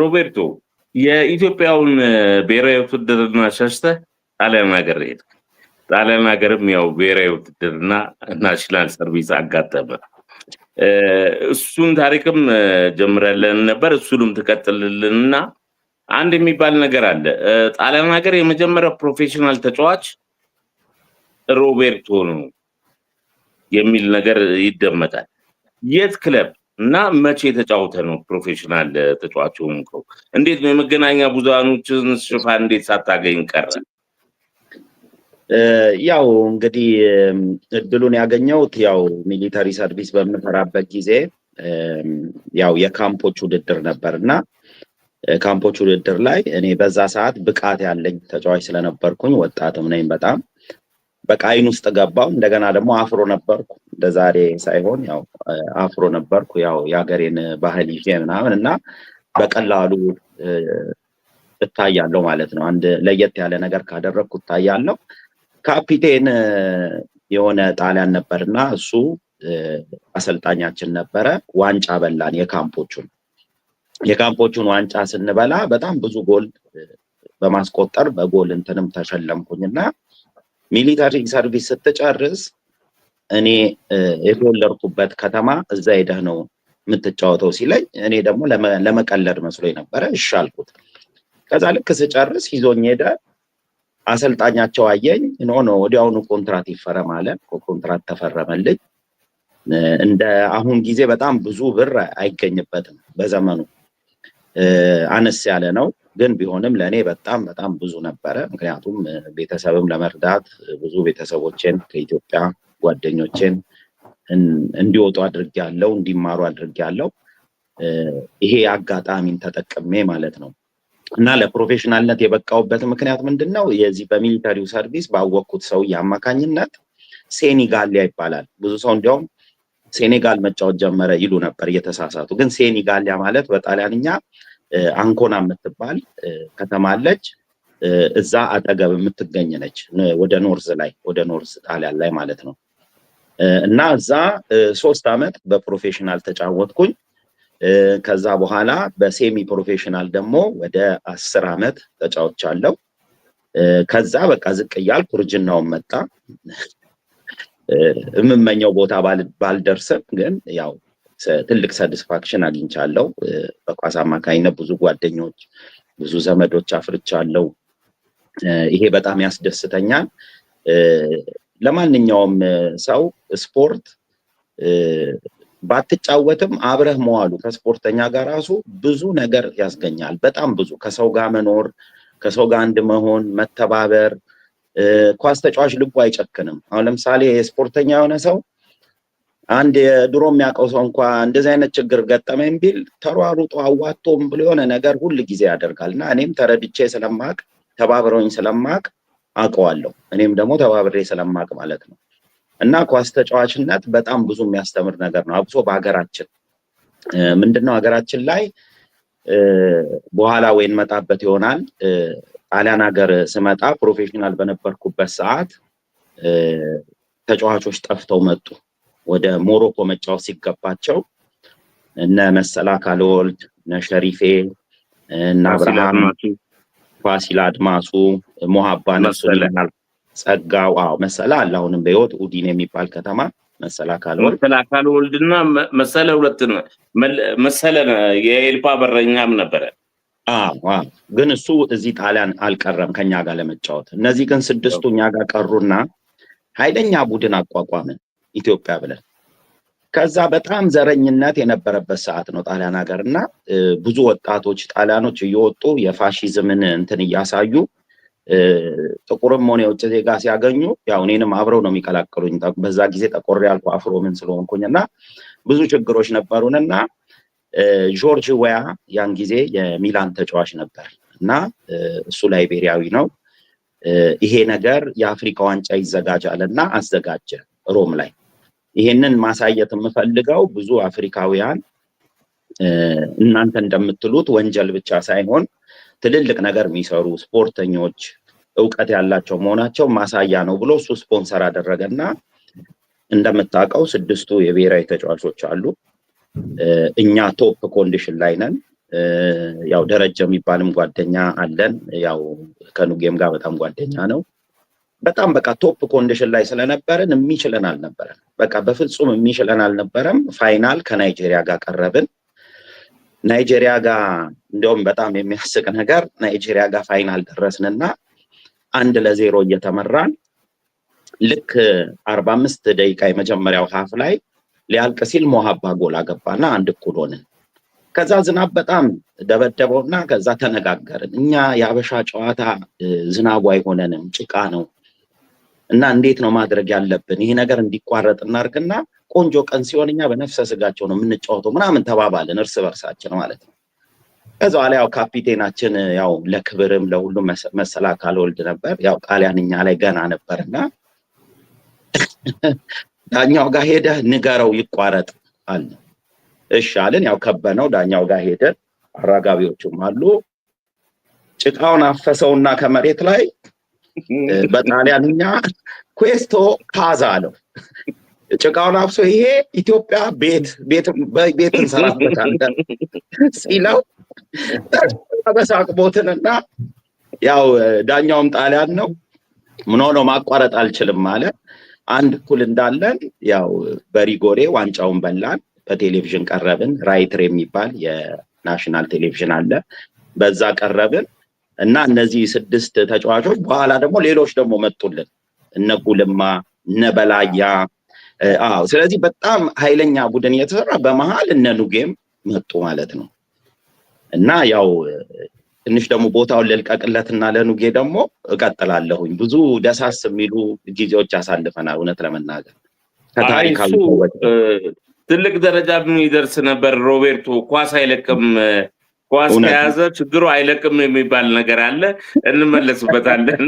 ሮቤርቶ የኢትዮጵያውን ብሔራዊ ውትድርና ሸሽተህ ጣሊያን ሀገር ሄድክ። ጣሊያን ሀገርም ያው ብሔራዊ ውትድርና ናሽናል ሰርቪስ አጋጠመ። እሱን ታሪክም ጀምረልን ነበር። እሱንም ትቀጥልልንና አንድ የሚባል ነገር አለ። ጣሊያን ሀገር የመጀመሪያ ፕሮፌሽናል ተጫዋች ሮቤርቶ ነው የሚል ነገር ይደመጣል። የት ክለብ እና መቼ የተጫወተ ነው ፕሮፌሽናል ተጫዋች ሆንከው? እንዴት ነው የመገናኛ ብዙሃኖችን ሽፋን እንዴት ሳታገኝ ቀረ? ያው እንግዲህ እድሉን ያገኘሁት ያው ሚሊተሪ ሰርቪስ በምንፈራበት ጊዜ ያው የካምፖች ውድድር ነበር እና ካምፖች ውድድር ላይ እኔ በዛ ሰዓት ብቃት ያለኝ ተጫዋች ስለነበርኩኝ ወጣትም ነኝ በጣም በቃ አይን ውስጥ ገባው። እንደገና ደግሞ አፍሮ ነበርኩ ለዛሬ ሳይሆን ያው አፍሮ ነበርኩ ያው የሀገሬን ባህል ይዤ ምናምን እና በቀላሉ እታያለሁ ማለት ነው። አንድ ለየት ያለ ነገር ካደረግኩ እታያለሁ። ካፒቴን የሆነ ጣሊያን ነበር እና እሱ አሰልጣኛችን ነበረ። ዋንጫ በላን የካምፖቹን የካምፖቹን ዋንጫ ስንበላ በጣም ብዙ ጎል በማስቆጠር በጎል እንትንም ተሸለምኩኝ እና ሚሊተሪ ሰርቪስ ስትጨርስ እኔ የተወለድኩበት ከተማ እዛ ሄደህ ነው የምትጫወተው ሲለኝ፣ እኔ ደግሞ ለመቀለድ መስሎኝ ነበረ እሺ አልኩት። ከዛ ልክ ስጨርስ ይዞኝ ሄደ። አሰልጣኛቸው አየኝ። ኖ ኖ ወዲያውኑ ኮንትራት ይፈረም አለ። ኮንትራት ተፈረመልኝ። እንደ አሁን ጊዜ በጣም ብዙ ብር አይገኝበትም። በዘመኑ አነስ ያለ ነው፣ ግን ቢሆንም ለእኔ በጣም በጣም ብዙ ነበረ። ምክንያቱም ቤተሰብም ለመርዳት ብዙ ቤተሰቦችን ከኢትዮጵያ ጓደኞቼን እንዲወጡ ያለው እንዲማሩ ያለው ይሄ አጋጣሚን ተጠቅሜ ማለት ነው እና ለፕሮፌሽናልነት የበቃውበት ምክንያት ምንድን ነው? የዚህ በሚሊተሪው ሰርቪስ ባወቅኩት ሰውዬ አማካኝነት ሴኒጋሊያ ይባላል። ብዙ ሰው እንዲያውም ሴኔጋል መጫወት ጀመረ ይሉ ነበር እየተሳሳቱ። ግን ሴኒጋሊያ ማለት በጣሊያንኛ አንኮና የምትባል ከተማለች እዛ አጠገብ የምትገኝ ነች፣ ወደ ኖርዝ ላይ ወደ ኖርዝ ጣሊያን ላይ ማለት ነው። እና እዛ ሶስት ዓመት በፕሮፌሽናል ተጫወትኩኝ። ከዛ በኋላ በሴሚ ፕሮፌሽናል ደግሞ ወደ አስር ዓመት ተጫወቻለሁ። ከዛ በቃ ዝቅ እያልኩ እርጅናውን መጣ። የምመኘው ቦታ ባልደርስም ግን ያው ትልቅ ሳቲስፋክሽን አግኝቻለሁ። በኳስ አማካኝነት ብዙ ጓደኞች፣ ብዙ ዘመዶች አፍርቻለሁ። ይሄ በጣም ያስደስተኛል። ለማንኛውም ሰው ስፖርት ባትጫወትም አብረህ መዋሉ ከስፖርተኛ ጋር ራሱ ብዙ ነገር ያስገኛል። በጣም ብዙ ከሰው ጋር መኖር፣ ከሰው ጋር አንድ መሆን፣ መተባበር። ኳስ ተጫዋች ልቡ አይጨክንም። አሁን ለምሳሌ ስፖርተኛ የሆነ ሰው አንድ የድሮ የሚያውቀው ሰው እንኳ እንደዚህ አይነት ችግር ገጠመኝ ቢል ተሯሩጦ አዋቶም ብሎ የሆነ ነገር ሁል ጊዜ ያደርጋል እና እኔም ተረድቼ ስለማቅ ተባብረውኝ ስለማቅ አውቀዋለሁ። እኔም ደግሞ ተባብሬ ስለማቅ ማለት ነው። እና ኳስ ተጫዋችነት በጣም ብዙ የሚያስተምር ነገር ነው። አብሶ በሀገራችን ምንድነው ሀገራችን ላይ በኋላ ወይን መጣበት ይሆናል። ጣሊያን ሀገር ስመጣ ፕሮፌሽናል በነበርኩበት ሰዓት ተጫዋቾች ጠፍተው መጡ። ወደ ሞሮኮ መጫወት ሲገባቸው እነ መሰላ ካልወልድ እነ ሸሪፌ እና ብርሃን ፋሲል አድማሱ፣ ሞሀባ ነሱልናል፣ ጸጋው አዎ መሰለ አለ። አሁንም በህይወት ኡዲን የሚባል ከተማ መሰለ አካል መሰለ አካል ወልድና መሰለ ሁለት መሰለ የኤልፓ በረኛም ነበረ። አዎ ግን እሱ እዚህ ጣሊያን አልቀረም ከኛ ጋር ለመጫወት። እነዚህ ግን ስድስቱ እኛ ጋር ቀሩና ኃይለኛ ቡድን አቋቋምን ኢትዮጵያ ብለን ከዛ በጣም ዘረኝነት የነበረበት ሰዓት ነው ጣሊያን ሀገር እና ብዙ ወጣቶች ጣሊያኖች እየወጡ የፋሽዝምን እንትን እያሳዩ ጥቁርም ሆነ የውጭ ዜጋ ሲያገኙ ያው እኔንም አብረው ነው የሚቀላቀሉኝ። በዛ ጊዜ ጠቆር ያልኩ አፍሮ ምን ስለሆንኩኝ እና ብዙ ችግሮች ነበሩን እና ጆርጅ ወያ ያን ጊዜ የሚላን ተጫዋች ነበር እና እሱ ላይቤሪያዊ ነው። ይሄ ነገር የአፍሪካ ዋንጫ ይዘጋጃል እና አዘጋጀ ሮም ላይ ይሄንን ማሳየት የምፈልገው ብዙ አፍሪካውያን እናንተ እንደምትሉት ወንጀል ብቻ ሳይሆን ትልልቅ ነገር የሚሰሩ ስፖርተኞች፣ እውቀት ያላቸው መሆናቸው ማሳያ ነው ብሎ እሱ ስፖንሰር አደረገና እንደምታውቀው ስድስቱ የብሔራዊ ተጫዋቾች አሉ። እኛ ቶፕ ኮንዲሽን ላይ ነን። ያው ደረጃ የሚባልም ጓደኛ አለን። ያው ከኑጌም ጋር በጣም ጓደኛ ነው። በጣም በቃ ቶፕ ኮንዲሽን ላይ ስለነበርን የሚችለን አልነበረም። በቃ በፍጹም የሚችለን አልነበረም። ፋይናል ከናይጄሪያ ጋር ቀረብን። ናይጄሪያ ጋር እንዲሁም በጣም የሚያስቅ ነገር ናይጄሪያ ጋር ፋይናል ደረስንና አንድ ለዜሮ እየተመራን ልክ አርባ አምስት ደቂቃ የመጀመሪያው ሀፍ ላይ ሊያልቅ ሲል ሞሀባ ጎል አገባና አንድ እኩል ሆንን። ከዛ ዝናብ በጣም ደበደበውና ከዛ ተነጋገርን። እኛ የአበሻ ጨዋታ ዝናቡ አይሆነንም፣ ጭቃ ነው እና እንዴት ነው ማድረግ ያለብን ይህ ነገር እንዲቋረጥ እናርግና ቆንጆ ቀን ሲሆን እኛ በነፍሰ ስጋቸው ነው የምንጫወተው ምናምን ተባባልን እርስ በርሳችን ማለት ነው። ከዛ በኋላ ያው ካፒቴናችን ያው ለክብርም ለሁሉም መሰላ ካልወልድ ወልድ ነበር። ያው ጣሊያን እኛ ላይ ገና ነበርና ዳኛው ጋር ሄደህ ንገረው ይቋረጥ አለ። እሺ ያው ከበነው ዳኛው ጋር ሄደን አራጋቢዎቹም አሉ። ጭቃውን አፈሰውና ከመሬት ላይ በጣሊያንኛ ኩዌስቶ ፓዛ አለው ጭቃውን አብሶ ይሄ ኢትዮጵያ ቤት ቤት እንሰራበታለን ሲለው በሳቅቦትን እና ያው ዳኛውም ጣሊያን ነው። ምን ሆኖ ማቋረጥ አልችልም አለ። አንድ እኩል እንዳለን ያው በሪጎሬ ዋንጫውን በላን። በቴሌቪዥን ቀረብን። ራይትር የሚባል የናሽናል ቴሌቪዥን አለ። በዛ ቀረብን። እና እነዚህ ስድስት ተጫዋቾች በኋላ ደግሞ ሌሎች ደግሞ መጡልን እነ ጉልማ እነ በላያ። አዎ ስለዚህ በጣም ኃይለኛ ቡድን እየተሰራ በመሀል እነ ኑጌም መጡ ማለት ነው እና ያው ትንሽ ደግሞ ቦታውን ልልቀቅለትና ለኑጌ ደግሞ እቀጥላለሁኝ። ብዙ ደሳስ የሚሉ ጊዜዎች አሳልፈናል። እውነት ለመናገር ከታሪካዊ ትልቅ ደረጃ የሚደርስ ነበር ሮቤርቶ ኳስ አይለቅም ኳስ ከያዘ ችግሩ አይለቅም የሚባል ነገር አለ። እንመለስበታለን።